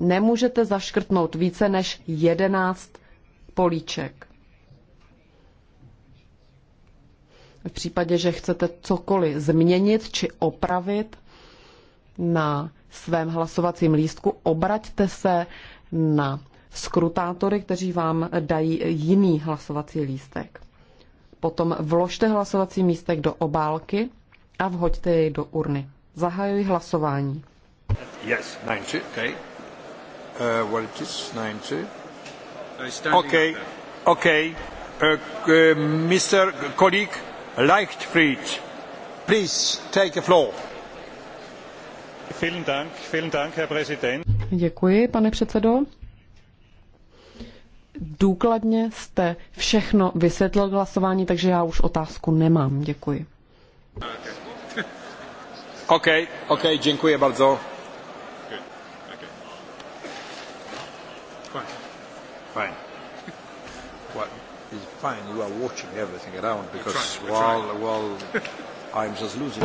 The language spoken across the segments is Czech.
nemůžete zaškrtnout více než 11 políček. V případě, že chcete cokoliv změnit či opravit na svém hlasovacím lístku, obraťte se na skrutátory, kteří vám dají jiný hlasovací lístek. Potom vložte hlasovací místek do obálky a vhoďte jej do urny. Zahajuji hlasování. Yes, 90, okay. Uh, well, it is Okay, okay. Uh, uh, Mr. Colleague Leichtfried, please take the floor. Vielen Dank, vielen Dank, Herr Präsident. Děkuji, pane předsedo. Důkladně jste všechno vysvětlil hlasování, takže já už otázku nemám. Děkuji. OK, OK, děkuji bardzo. fine. What? it's fine. You are watching everything around because while, while I'm just losing.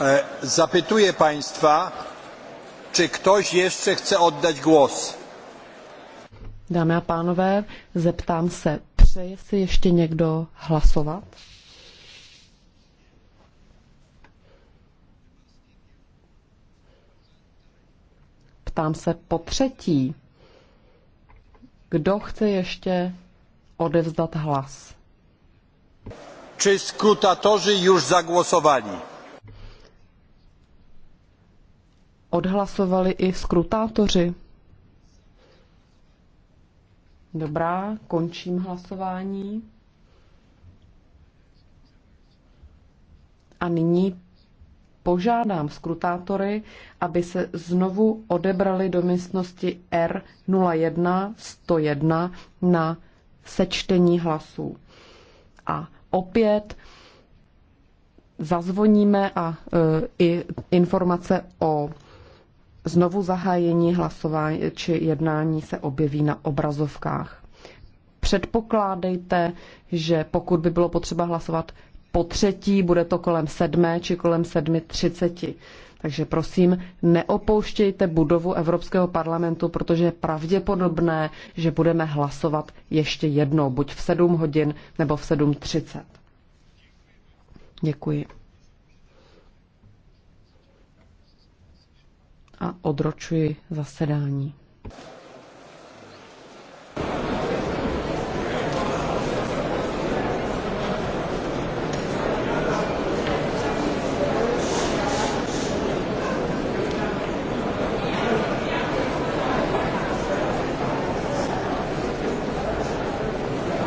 E, zapytuję Państwa, czy ktoś ještě chce oddać głos. Dámy a pánové, zeptám se, přeje si ještě někdo hlasovat? Ptám se po třetí, kdo chce ještě odevzdat hlas? Czy skrutatorzy już zagłosowali? Odhlasovali i skrutátoři. Dobrá, končím hlasování. A nyní požádám skrutátory, aby se znovu odebrali do místnosti R01 101 na sečtení hlasů. A opět zazvoníme a e, i informace o znovu zahájení hlasování či jednání se objeví na obrazovkách. Předpokládejte, že pokud by bylo potřeba hlasovat po třetí, bude to kolem sedmé či kolem sedmi třiceti. Takže prosím, neopouštějte budovu Evropského parlamentu, protože je pravděpodobné, že budeme hlasovat ještě jednou, buď v 7 hodin nebo v 7.30. Děkuji. A odročuji zasedání.